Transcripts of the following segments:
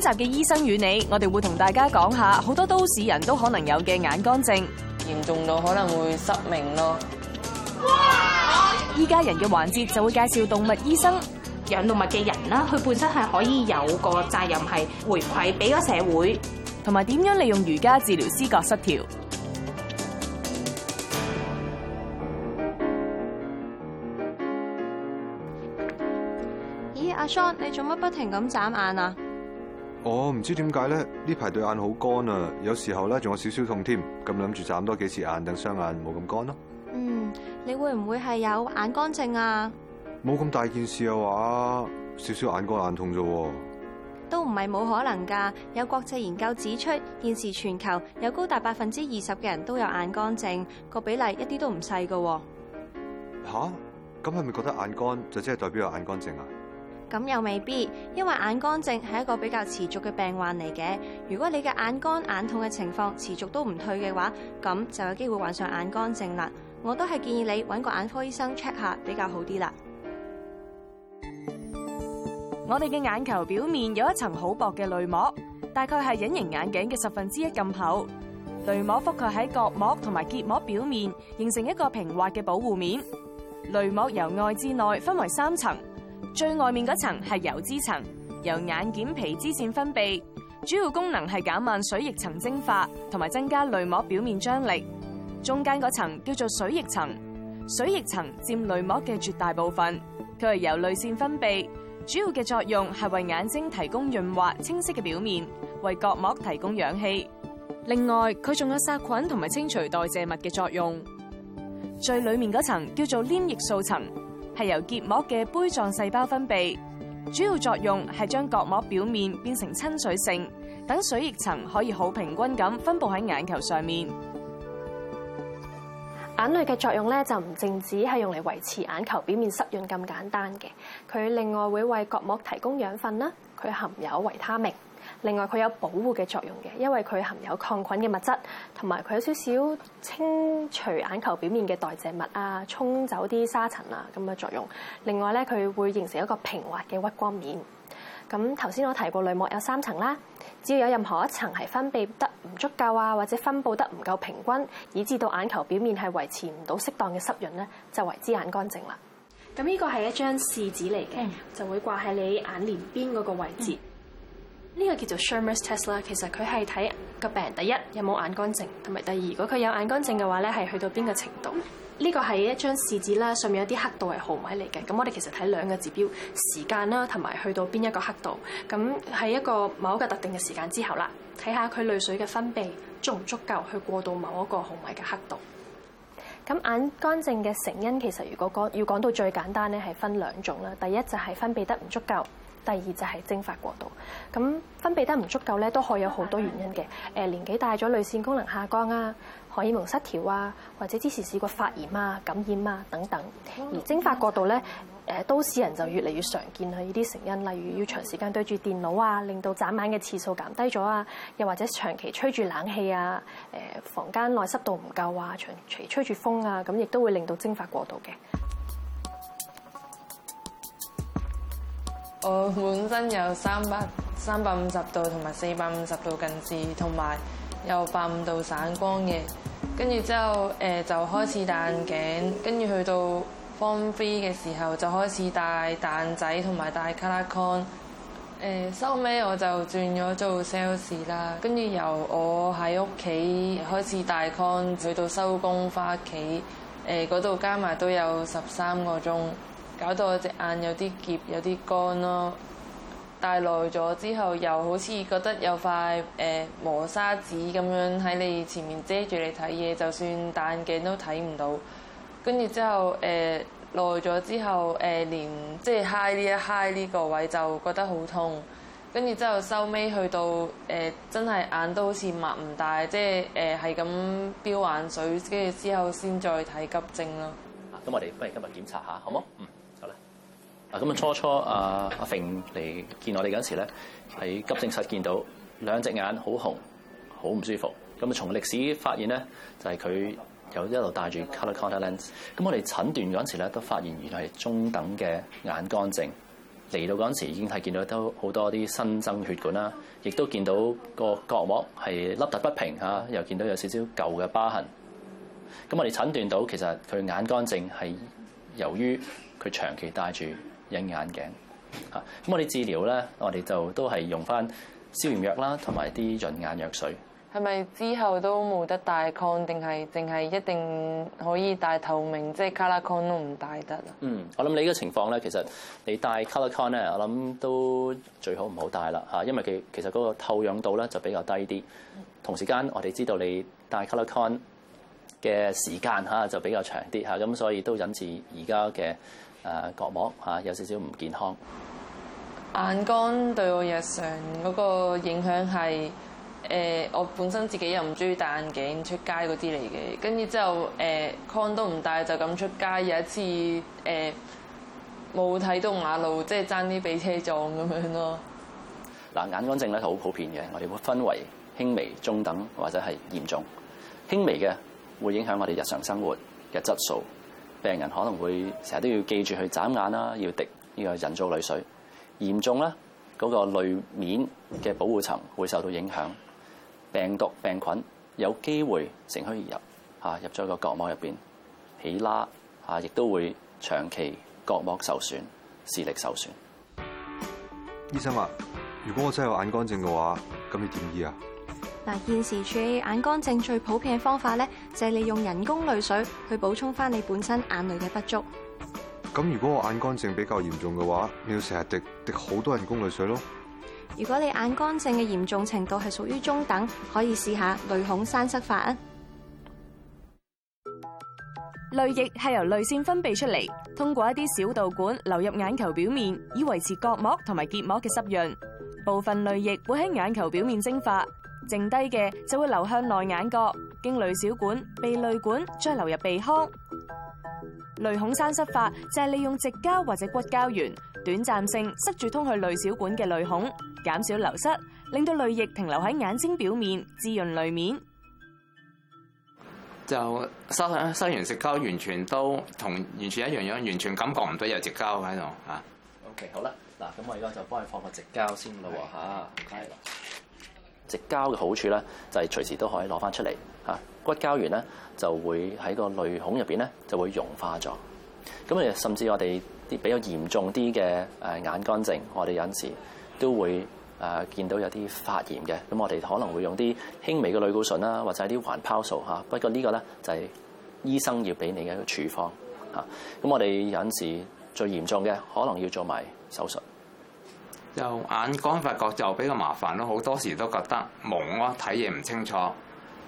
今集嘅醫生與你，我哋會同大家講下好多都市人都可能有嘅眼乾症，嚴重到可能會失明咯。依家人嘅環節就會介紹動物醫生養動物嘅人啦，佢本身係可以有個責任係回饋俾個社會，同埋點樣利用瑜伽治療思覺失調。咦、欸，阿 Son，你做乜不停咁眨眼啊？我唔、oh, 知點解咧，呢排對眼好乾啊，有時候咧仲有少少痛添，咁諗住眨多幾次眼，等雙眼冇咁乾咯。嗯，你會唔會係有眼乾症啊？冇咁大件事嘅話，少少眼乾眼痛啫。都唔係冇可能噶，有國際研究指出，現時全球有高達百分之二十嘅人都有眼乾症，個比例一啲都唔細噶。吓、啊，咁係咪覺得眼乾就只係代表有眼乾症啊？咁又未必，因為眼乾症係一個比較持續嘅病患嚟嘅。如果你嘅眼乾、眼痛嘅情況持續都唔退嘅話，咁就有機會患上眼乾症啦。我都係建議你搵個眼科醫生 check 下比較好啲啦。我哋嘅眼球表面有一層好薄嘅淚膜，大概係隱形眼鏡嘅十分之一咁厚。淚膜覆蓋喺角膜同埋結膜表面，形成一個平滑嘅保護面。淚膜由外至內分為三層。最外面嗰層係油脂層，由眼瞼皮脂腺分泌，主要功能係減慢水液層蒸發，同埋增加淚膜表面張力。中間嗰層叫做水液層，水液層佔淚膜嘅絕大部分，佢係由淚腺分泌，主要嘅作用係為眼睛提供潤滑、清晰嘅表面，為角膜提供氧氣。另外，佢仲有殺菌同埋清除代謝物嘅作用。最裏面嗰層叫做黏液素層。係由結膜嘅杯狀細胞分泌，主要作用係將角膜表面變成親水性，等水液層可以好平均咁分佈喺眼球上面。眼淚嘅作用咧就唔淨止係用嚟維持眼球表面濕潤咁簡單嘅，佢另外會為角膜提供養分啦，佢含有維他命。另外佢有保護嘅作用嘅，因為佢含有抗菌嘅物質，同埋佢有少少清除眼球表面嘅代謝物啊，沖走啲沙塵啊咁嘅作用。另外咧，佢會形成一個平滑嘅屈光面。咁頭先我提過淚膜有三層啦，只要有任何一層係分泌得唔足夠啊，或者分佈得唔夠平均，以致到眼球表面係維持唔到適當嘅濕潤咧，就為之眼乾症啦。咁呢個係一張試紙嚟嘅，嗯、就會掛喺你眼簾邊嗰個位置。嗯呢個叫做 Schirmer's test 啦，la, 其實佢係睇個病人，人第一有冇眼乾症，同埋第二，如果佢有眼乾症嘅話咧，係去到邊個程度？呢、這個係一張試紙啦，上面有啲刻度係毫米嚟嘅。咁我哋其實睇兩個指標，時間啦，同埋去到邊一個刻度。咁喺一個某個特定嘅時間之後啦，睇下佢淚水嘅分泌足唔足夠去過到某一個毫米嘅刻度。咁眼乾症嘅成因其實如果講要講到最簡單咧，係分兩種啦。第一就係分泌得唔足夠。第二就係蒸發過度，咁分泌得唔足夠咧，都可以有好多原因嘅。誒年紀大咗，淚腺功能下降啊，荷爾蒙失調啊，或者之前試過發炎啊、感染啊等等。而蒸發過度咧，誒都市人就越嚟越常見啦。呢啲成因，例如要長時間對住電腦啊，令到眨眼嘅次數減低咗啊，又或者長期吹住冷氣啊，誒房間內濕度唔夠啊，長長期吹住風啊，咁亦都會令到蒸發過度嘅。我本身有三百三百五十度同埋四百五十度近視，同埋有百五度散光嘅。跟住之後，誒就開始戴眼鏡。跟住去到 Form B 嘅時候，就開始戴蛋仔同埋戴卡拉 con。誒收尾我就轉咗做 sales 啦。跟住由我喺屋企開始戴 con，去到收工翻屋企，誒嗰度加埋都有十三個鐘。搞到我隻眼有啲澀，有啲乾咯。戴耐咗之後，又好似覺得有塊誒、呃、磨砂紙咁樣喺你前面遮住你睇嘢，就算戴眼鏡都睇唔到。跟住之後誒耐咗之後誒，連即係嗨呢一嗨呢個位就覺得好痛。跟住之後收尾去到誒、呃、真係眼都好似擘唔大，即係誒係咁飆眼水。跟住之後先再睇急症咯。咁、啊、我哋不如今日檢查下，好冇？初初啊！咁啊，初初阿阿馳嚟見我哋嗰陣時咧，喺急症室見到兩隻眼好紅，好唔舒服。咁啊，從歷史發現咧，就係、是、佢有一度戴住 colour contact lens。咁、嗯、我哋診斷嗰陣時咧，都發現原來係中等嘅眼乾症。嚟到嗰陣時已經係見到都好多啲新生血管啦，亦都見到個角膜係凹凸不平嚇，又見到有少少舊嘅疤痕。咁、嗯、我哋診斷到其實佢眼乾症係由於佢長期戴住。隱眼鏡嚇，咁、啊、我哋治療咧，我哋就都係用翻消炎藥啦，同埋啲潤眼藥水。係咪之後都冇得戴 Con 定係淨係一定可以戴透明，即係 colorCon 都唔戴得啊？嗯，我諗你呢個情況咧，其實你戴 colorCon 咧，我諗都最好唔好戴啦嚇，因為佢其實嗰個透氧度咧就比較低啲。同時間，我哋知道你戴 colorCon 嘅時間嚇就比較長啲嚇，咁、啊、所以都引致而家嘅。誒角膜吓有少少唔健康，眼乾對我日常嗰個影響係誒、呃，我本身自己又唔中意戴眼鏡出街嗰啲嚟嘅，跟住之後誒框、呃、都唔戴就咁出街，有一次誒冇睇到馬路，即係爭啲俾車撞咁樣咯。嗱，眼乾症咧好普遍嘅，我哋會分為輕微、中等或者係嚴重。輕微嘅會影響我哋日常生活嘅質素。病人可能會成日都要記住去眨眼啦，要滴呢個人造淚水。嚴重咧，嗰、那個淚面嘅保護層會受到影響，病毒病菌有機會乘虛而入，嚇入咗個角膜入邊起拉嚇，亦都會長期角膜受損、視力受損。醫生話、啊，如果我真係有眼乾症嘅話，咁你點醫啊？嗱，現時處理眼乾症最普遍嘅方法咧，就係利用人工淚水去補充翻你本身眼淚嘅不足。咁如果我眼乾症比較嚴重嘅話，你要成日滴滴好多人工淚水咯。如果你眼乾症嘅嚴重程度係屬於中等，可以試下淚孔栓塞法啊。淚液係由淚腺分泌出嚟，通過一啲小導管流入眼球表面，以維持角膜同埋結膜嘅濕潤。部分淚液會喺眼球表面蒸發。剩低嘅就會流向內眼角，經淚小管、鼻淚管再流入鼻腔。淚孔栓塞法就係、是、利用直膠或者骨膠原，短暫性塞住通去淚小管嘅淚孔，減少流失，令到淚液停留喺眼睛表面，滋潤淚面。就收收完直膠，完全都同完全一樣樣，完全感覺唔到有直膠喺度啊。OK，好啦，嗱，咁我而家就幫你放個直膠先啦，吓。Okay. 直膠嘅好處咧，就係隨時都可以攞翻出嚟嚇。骨膠原咧，就會喺個淚孔入邊咧就會溶化咗。咁啊，甚至我哋啲比較嚴重啲嘅誒眼乾症，我哋有陣時都會誒見到有啲發炎嘅。咁我哋可能會用啲輕微嘅類固醇啦，或者啲環孢素嚇。不過呢個咧就係醫生要俾你嘅一個處方嚇。咁我哋有陣時最嚴重嘅，可能要做埋手術。就眼光發覺就比較麻煩咯，好多時都覺得矇咯，睇嘢唔清楚。誒、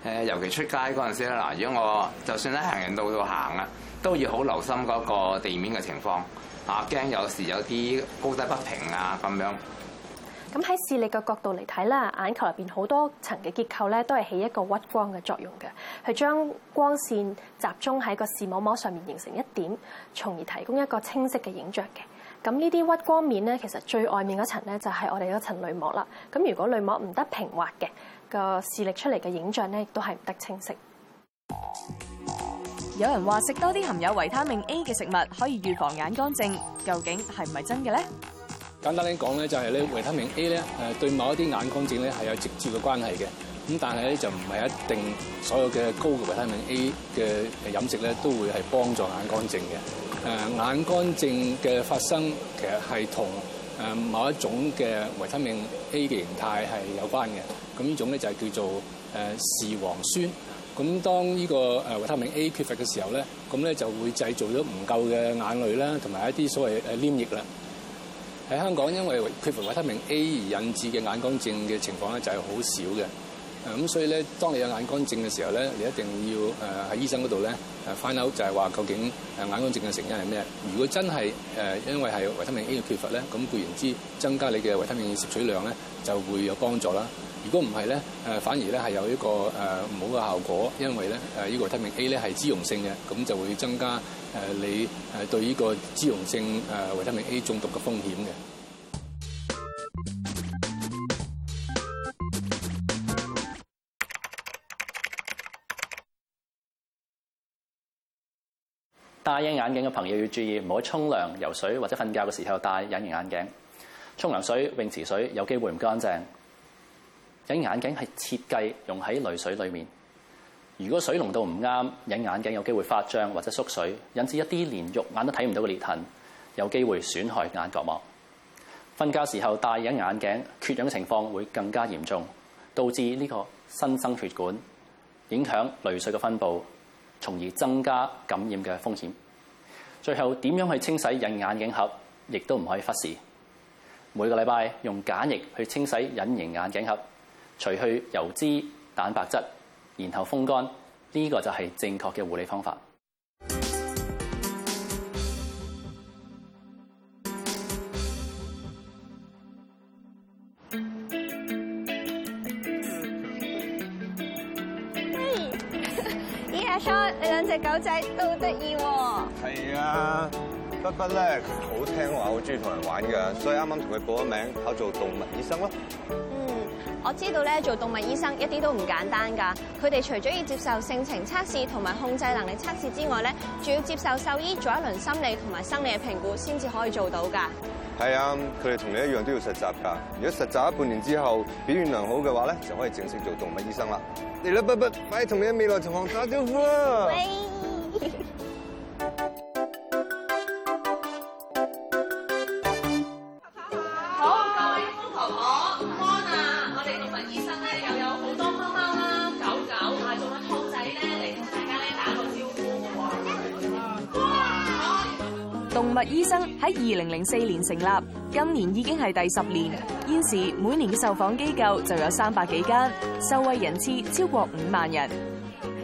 呃，尤其出街嗰陣時嗱、呃，如果我就算咧行人道度行啊，都要好留心嗰個地面嘅情況，嚇、啊，驚有時有啲高低不平啊咁樣。咁喺視力嘅角度嚟睇咧，眼球入邊好多層嘅結構咧，都係起一個屈光嘅作用嘅，去將光線集中喺個視網膜上面形成一點，從而提供一個清晰嘅影像嘅。咁呢啲屈光面咧，其實最外面嗰層咧就係我哋嗰層淚膜啦。咁如果淚膜唔得平滑嘅，個視力出嚟嘅影像咧，亦都係唔得清晰。有人話食多啲含有維他命 A 嘅食物可以預防眼乾症，究竟係唔係真嘅咧？簡單啲講咧，就係咧維他命 A 咧誒對某一啲眼乾症咧係有直接嘅關係嘅。咁但係咧就唔係一定所有嘅高嘅維他命 A 嘅飲食咧都會係幫助眼乾症嘅。誒、呃、眼乾症嘅發生其實係同誒某一種嘅維他命 A 嘅形態係有關嘅。咁呢種咧就係叫做誒、呃、視黃酸。咁當呢個誒維他命 A 缺乏嘅時候咧，咁咧就會製造咗唔夠嘅眼淚啦，同埋一啲所謂誒黏液啦。喺香港因為缺乏維他命 A 而引致嘅眼乾症嘅情況咧，就係好少嘅。誒咁、嗯、所以咧，當你有眼乾症嘅時候咧，你一定要誒喺、呃、醫生嗰度咧誒 find out 就係話究竟誒眼乾症嘅成因係咩？如果真係誒、呃、因為係維他命 A 嘅缺乏咧，咁固然之增加你嘅維他命 A 攝取量咧就會有幫助啦。如果唔係咧，誒、呃、反而咧係有一個誒唔、呃、好嘅效果，因為咧誒呢個維他命 A 咧係脂溶性嘅，咁就會增加誒、呃、你誒對呢個脂溶性誒、呃、維他命 A 中毒嘅風險嘅。戴隱眼鏡嘅朋友要注意，唔好喺沖涼、游水或者瞓覺嘅時候戴隱形眼鏡。沖涼水、泳池水有機會唔乾淨。隱眼鏡係設計用喺淚水裡面，如果水濃度唔啱，隱眼鏡有機會發脹或者縮水，引致一啲連肉眼都睇唔到嘅裂痕，有機會損害眼角膜。瞓覺時候戴隱眼鏡，缺氧嘅情況會更加嚴重，導致呢個新生血管影響淚水嘅分布。從而增加感染嘅風險。最後點樣去清洗隱形眼鏡盒，亦都唔可以忽視。每個禮拜用鹼液去清洗隱形眼鏡盒，除去油脂、蛋白質，然後風乾，呢、這個就係正確嘅護理方法。隻狗仔都得意喎，係啊，不不咧，佢好聽話，好中意同人玩噶，所以啱啱同佢報咗名，考做動物醫生咯。嗯，我知道咧，做動物醫生一啲都唔簡單噶，佢哋除咗要接受性情測試同埋控制能力測試之外咧，仲要接受獸醫做一輪心理同埋生理嘅評估先至可以做到噶。係啊，佢哋同你一樣都要實習㗎。如果實習咗半年之後表現良好嘅話咧，就可以正式做動物醫生啦。嚟啦，不不，快同你嘅未來同行打招呼啦，喂！醫生喺二零零四年成立，今年已經係第十年。現時每年嘅受訪機構就有三百幾間，受惠人次超過五萬人。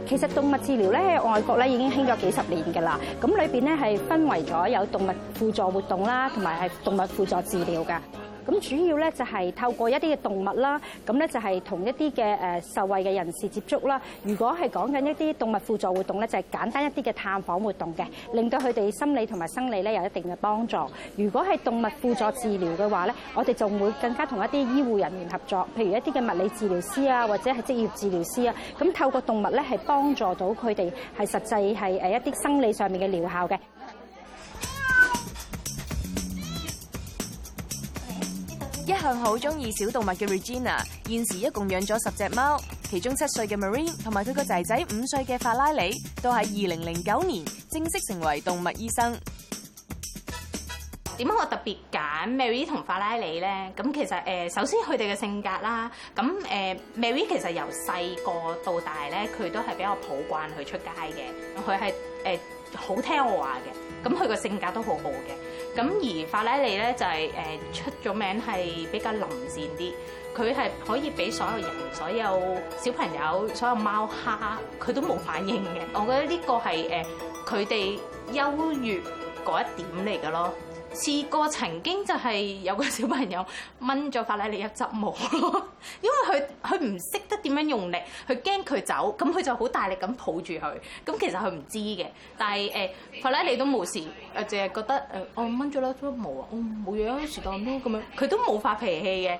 其實動物治療咧喺外國咧已經興咗幾十年噶啦，咁裏邊咧係分為咗有動物輔助活動啦，同埋係動物輔助治療噶。咁主要咧就係透過一啲嘅動物啦，咁咧就係同一啲嘅誒受惠嘅人士接觸啦。如果係講緊一啲動物輔助活動咧，就係簡單一啲嘅探訪活動嘅，令到佢哋心理同埋生理咧有一定嘅幫助。如果係動物輔助治療嘅話咧，我哋就會更加同一啲醫護人員合作，譬如一啲嘅物理治療師啊，或者係職業治療師啊，咁透過動物咧係幫助到佢哋係實際係誒一啲生理上面嘅療效嘅。一向好中意小動物嘅 Regina，現時一共養咗十隻貓，其中七歲嘅 Marine 同埋佢個仔仔五歲嘅法拉利，都喺二零零九年正式成為動物醫生。點解我特別揀 Marine 同法拉利咧？咁其實，誒，首先佢哋嘅性格啦，咁誒，Marine 其實由細個到大咧，佢都係比較抱慣佢出街嘅，佢係誒好聽我話嘅，咁佢個性格都好好嘅。咁而法拉利咧，就係誒出咗名係比較腍善啲，佢係可以俾所有人、所有小朋友、所有貓蝦，佢都冇反應嘅。我覺得呢個係誒，佢哋優越嗰一點嚟嘅咯。試過曾經就係有個小朋友掹咗法拉利一執毛咯， 因為佢佢唔識得點樣用力，去驚佢走，咁佢就好大力咁抱住佢，咁其實佢唔知嘅。但係誒、呃，法拉利都冇事，誒淨係覺得誒我掹咗粒執毛啊，我冇樣時當咩咁樣，佢都冇發脾氣嘅。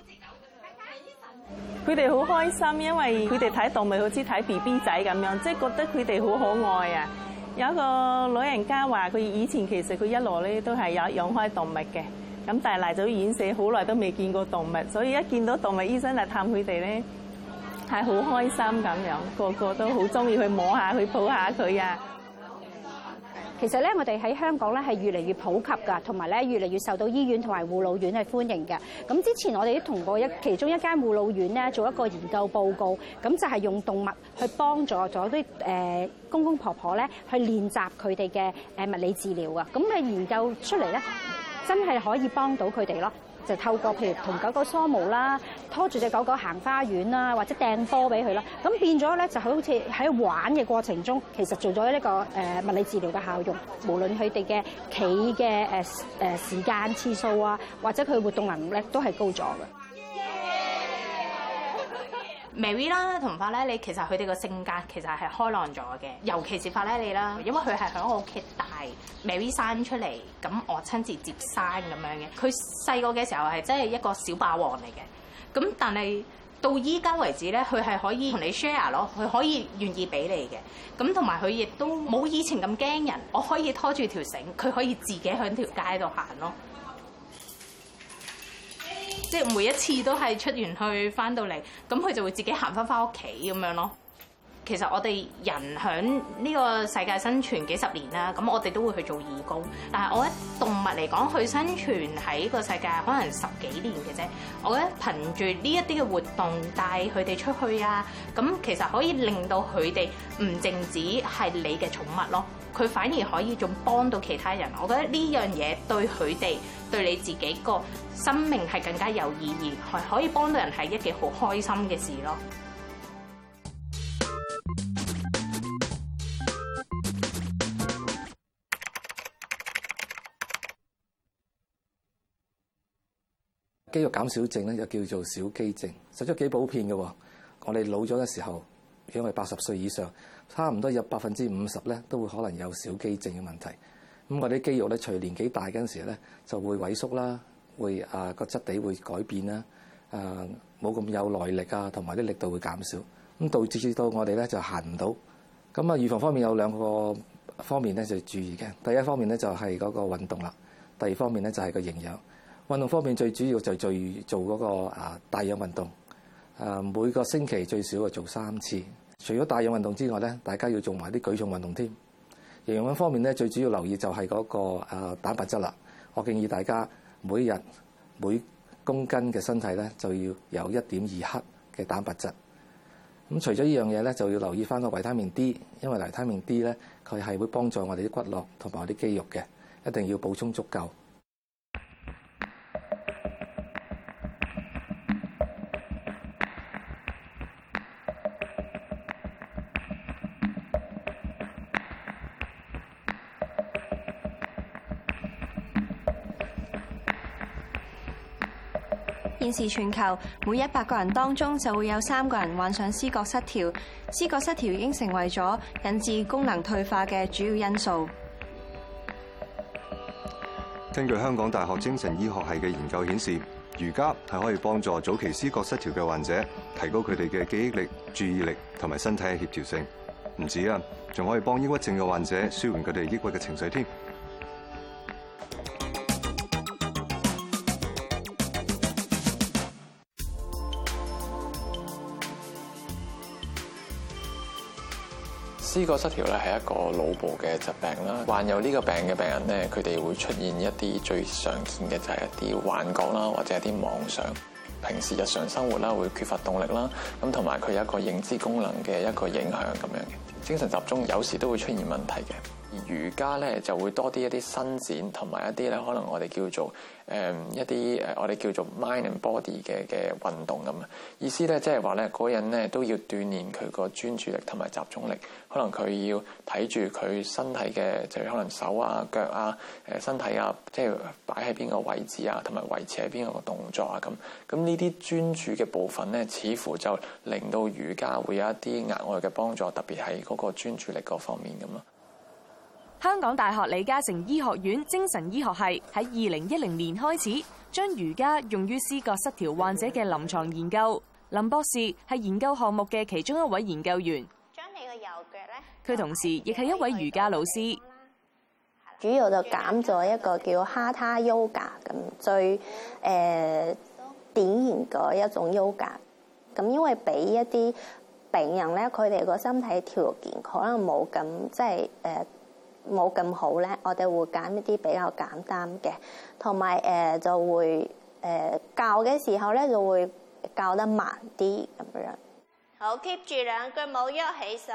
佢哋好開心，因為佢哋睇動物好似睇 B B 仔咁樣，即係覺得佢哋好可愛啊。有個老人家話：佢以前其實佢一路咧都係有養開動物嘅，咁但係嚟咗院舍好耐都未見過動物，所以一見到動物醫生嚟探佢哋咧係好開心咁樣，個個都好中意去摸下、去抱下佢啊！其實咧，我哋喺香港咧係越嚟越普及㗎，同埋咧越嚟越受到醫院同埋護老院係歡迎嘅。咁之前我哋都同過一其中一間護老院咧做一個研究報告，咁就係、是、用動物去幫助咗啲誒公公婆婆咧去練習佢哋嘅誒物理治療啊。咁嘅研究出嚟咧，真係可以幫到佢哋咯。就透過譬如同狗狗梳毛啦，拖住隻狗狗行花園啦，或者掟波俾佢啦，咁變咗咧就好似喺玩嘅過程中，其實做咗一個誒物理治療嘅效用。無論佢哋嘅企嘅誒誒時間次數啊，或者佢活動能力都係高咗嘅。Mary 啦，同法拉利其實佢哋個性格其實係開朗咗嘅，尤其是法拉利啦，因為佢係喺我屋企大 Mary 生出嚟，咁我親自接生咁樣嘅。佢細個嘅時候係真係一個小霸王嚟嘅，咁但係到依家為止咧，佢係可以同你 share 咯，佢可以願意俾你嘅。咁同埋佢亦都冇以前咁驚人，我可以拖住條繩，佢可以自己喺條街度行咯。即係每一次都係出完去，翻到嚟咁，佢就會自己行翻翻屋企咁樣囉。其實我哋人喺呢個世界生存幾十年啦，咁我哋都會去做義工。但係我覺得動物嚟講，佢生存喺個世界可能十幾年嘅啫。我覺得憑住呢一啲嘅活動帶佢哋出去啊，咁其實可以令到佢哋唔淨止係你嘅寵物咯。佢反而可以仲幫到其他人。我覺得呢樣嘢對佢哋對你自己個生命係更加有意義，係可以幫到人係一件好開心嘅事咯。肌肉減少症咧，又叫做小肌症，實質幾普遍嘅。我哋老咗嘅時候，因為八十歲以上，差唔多有百分之五十咧，都會可能有小肌症嘅問題。咁我哋啲肌肉咧，隨年紀大嗰陣時咧，就會萎縮啦，會啊個質地會改變啦，誒冇咁有耐力啊，同埋啲力度會減少，咁導致到我哋咧就行唔到。咁啊，預防方面有兩個方面咧，就要注意嘅。第一方面咧就係嗰個運動啦，第二方面咧就係個營養。運動方面最主要就係做做嗰個啊帶氧運動，啊每個星期最少啊做三次。除咗帶氧運動之外咧，大家要做埋啲舉重運動添。營養方面咧，最主要留意就係嗰個啊蛋白質啦。我建議大家每日每公斤嘅身體咧就要有一點二克嘅蛋白質。咁除咗呢樣嘢咧，就要留意翻個維他命 D，因為維他命 D 咧佢係會幫助我哋啲骨骼同埋啲肌肉嘅，一定要補充足夠。現時全球每一百個人當中就會有三個人患上思覺失調，思覺失調已經成為咗引致功能退化嘅主要因素。根據香港大學精神醫學系嘅研究顯示，瑜伽係可以幫助早期思覺失調嘅患者提高佢哋嘅記憶力、注意力同埋身體嘅協調性，唔止啊，仲可以幫抑鬱症嘅患者舒緩佢哋抑鬱嘅情緒添。思覺失調咧係一個腦部嘅疾病啦，患有呢個病嘅病人咧，佢哋會出現一啲最常見嘅就係、是、一啲幻覺啦，或者係啲妄想，平時日常生活啦會缺乏動力啦，咁同埋佢有一個認知功能嘅一個影響咁樣嘅。精神集中有時都會出現問題嘅，而瑜伽咧就會多啲一啲伸展，同埋一啲咧可能我哋叫做誒、呃、一啲誒我哋叫做 mind and body 嘅嘅運動咁啊。意思咧即係話咧嗰人咧都要鍛煉佢個專注力同埋集中力，可能佢要睇住佢身體嘅就可能手啊腳啊誒身體啊，即係擺喺邊個位置啊，同埋維持喺邊個動作啊咁。咁呢啲專注嘅部分咧，似乎就令到瑜伽會有一啲額外嘅幫助，特別係。個專注力各方面咁咯。香港大學李嘉誠醫學院精神醫學系喺二零一零年開始將瑜伽用於思覺失調患者嘅臨床研究。林博士係研究項目嘅其中一位研究員，將你個右腳咧。佢同時亦係一位瑜伽老師，主要就揀咗一個叫哈他瑜伽，咁最誒、呃、典型嘅一種瑜伽。咁因為俾一啲。病人咧，佢哋個身體條件可能冇咁即係誒冇咁好咧，我哋會揀一啲比較簡單嘅，同埋誒就會誒、呃、教嘅時候咧就會教得慢啲咁樣。好，keep 住兩句冇一起手。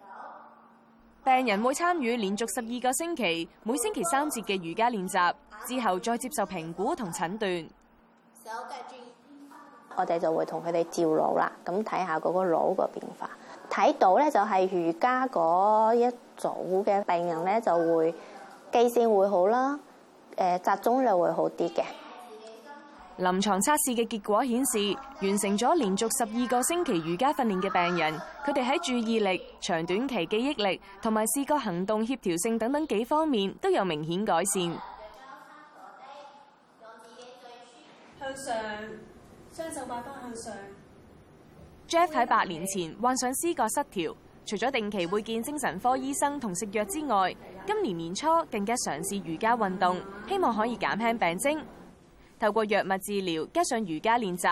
好病人會參與連續十二個星期，每星期三節嘅瑜伽練習，之後再接受評估同診斷。手我哋就會同佢哋照腦啦，咁睇下嗰個腦個變化。睇到咧就係瑜伽嗰一組嘅病人咧就會記性會好啦，誒、呃、集中力會好啲嘅。臨床測試嘅結果顯示，完成咗連續十二個星期瑜伽訓練嘅病人，佢哋喺注意力、長短期記憶力同埋視覺行動協調性等等幾方面都有明顯改善。向上。將手擺翻向上。Jeff 喺八年前患上思覺失調，除咗定期會見精神科醫生同食藥之外，今年年初更加嘗試瑜伽運動，希望可以減輕病徵。透過藥物治療加上瑜伽練習，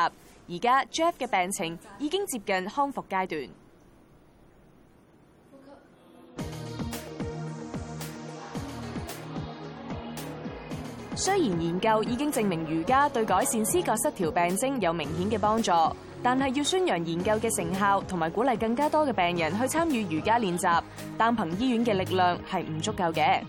而家 Jeff 嘅病情已經接近康復階段。雖然研究已經證明瑜伽對改善思覺失調病徵有明顯嘅幫助，但係要宣揚研究嘅成效同埋鼓勵更加多嘅病人去參與瑜伽練習，單憑醫院嘅力量係唔足夠嘅。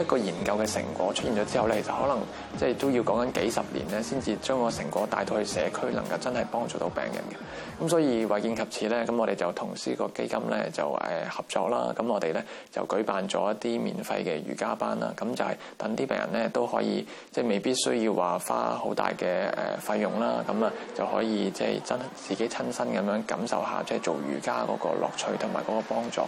一個研究嘅成果出現咗之後咧，就可能即係都要講緊幾十年咧，先至將個成果帶到去社區，能夠真係幫助到病人嘅。咁所以為見及此咧，咁我哋就同呢個基金咧就誒合作啦。咁我哋咧就舉辦咗一啲免費嘅瑜伽班啦。咁就係等啲病人咧都可以即係未必需要話花好大嘅誒費用啦。咁啊就可以即係真自己親身咁樣感受下，即係做瑜伽嗰個樂趣同埋嗰個幫助。